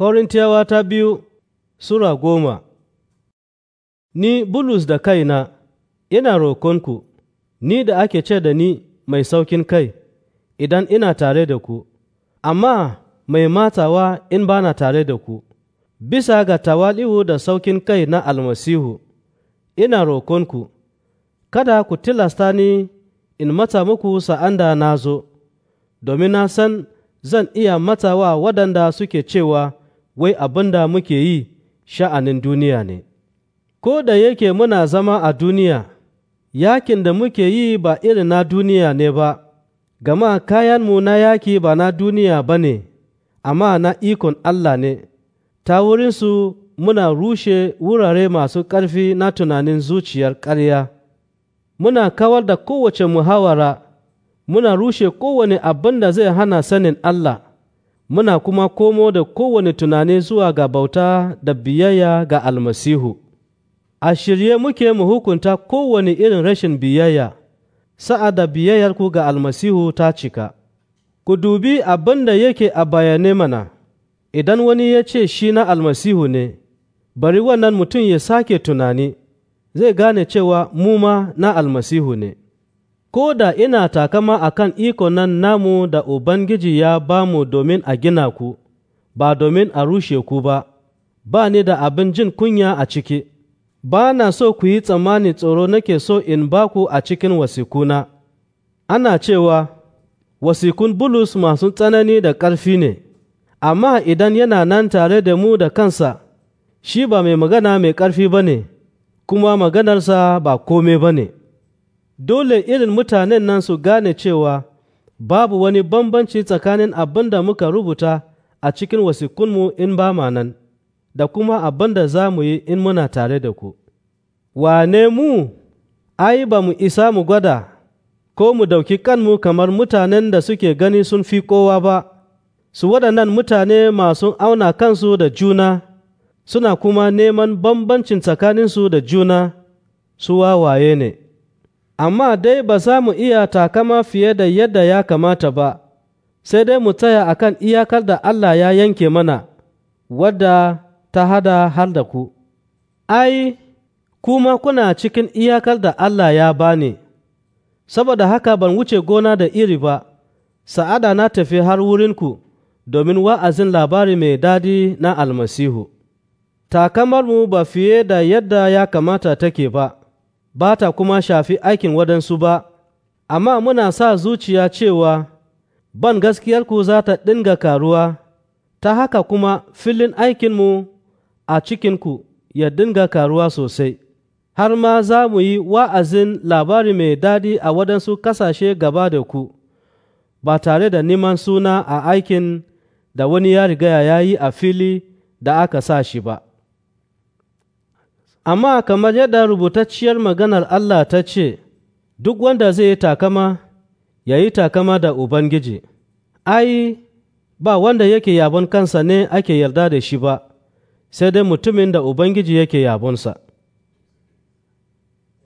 Korintiyawa ta biyu Sura goma Ni Bulus da kaina, ina rokonku, ni da ake ce da ni mai saukin kai, idan ina tare da ku, amma mai matawa in ba na tare da ku, bisa ga tawali'u da saukin kai na almasihu, ina rokonku, kada ku tilasta ni in mata muku sa'an da na zo, domin na san zan iya matawa waɗanda suke cewa wai abin da muke yi sha'anin duniya ne. Ko da yake muna zama a duniya, yakin da muke yi ba irin na duniya ne ba, gama kayanmu na yaki ba na duniya ba ne, amma na ikon Allah ne, ta wurinsu muna rushe wurare masu ƙarfi na tunanin zuciyar ƙarya. Muna kawar da kowace muhawara, muna rushe kowane abin da zai hana sanin Allah. muna kuma komo da kowane tunani zuwa ga bauta da biyayya ga almasihu a shirye muke mu hukunta kowane irin rashin biyayya sa'a da biyayyarku ga almasihu ta cika ku dubi abin da yake a bayane mana idan wani ya ce shi na almasihu ne bari wannan mutum ya sake tunani zai gane cewa mu ma na almasihu ne ko da ina takama a kan nan namu da Ubangiji ya ba mu domin a gina ku, ba domin a rushe ku ba, ba ni da abin jin kunya a ciki, ba na so ku yi tsammani tsoro nake so in ba ku a cikin wasikuna. Ana cewa, wasikun bulus masu tsanani da ƙarfi ne, amma idan yana nan tare da mu da kansa, shi ba mai magana mai ƙarfi ba ne, kuma maganarsa ba kome ba ne. dole irin mutanen nan su gane cewa babu wani bambanci tsakanin abin da muka rubuta a cikin wasikunmu in ba ma nan, da kuma abin da za mu yi in muna tare da ku. Wane mu, ai, ba mu isa mu gwada, ko mu ɗauki kanmu kamar mutanen da suke gani sun fi kowa ba, su waɗannan mutane masu auna kansu da juna, suna kuma neman bambancin tsakaninsu da juna, su wawaye ne. amma dai ba za mu iya takama fiye da yadda ya kamata ba, sai dai mu tsaya a kan iyakar da Allah ya yanke mana, wadda ta hada har da ku. Ai, kuma kuna cikin iyakar da Allah ya bani, saboda haka ban wuce gona da iri ba, sa'ada na tafi har wurinku domin wa'azin labari mai dadi na almasihu. Takamarmu ba fiye da yadda ya kamata take ba. ba ta kuma shafi aikin waɗansu ba, amma muna sa zuciya cewa ban gaskiyarku za ta ɗinga karuwa, ta haka kuma filin aikinmu a cikinku ya ɗinga karuwa sosai, har ma za mu yi wa'azin labari mai daɗi a waɗansu ƙasashe gaba da ku, ba tare da neman suna a aikin da wani ya riga ya yi a fili da aka sa shi ba. Amma kamar yadda rubutacciyar maganar Allah ta ce, Duk wanda zai yi takama, ya yi takama da Ubangiji, ai, ba wanda yake yabon kansa ne ake yarda da shi ba, sai dai mutumin da Ubangiji yake yabonsa.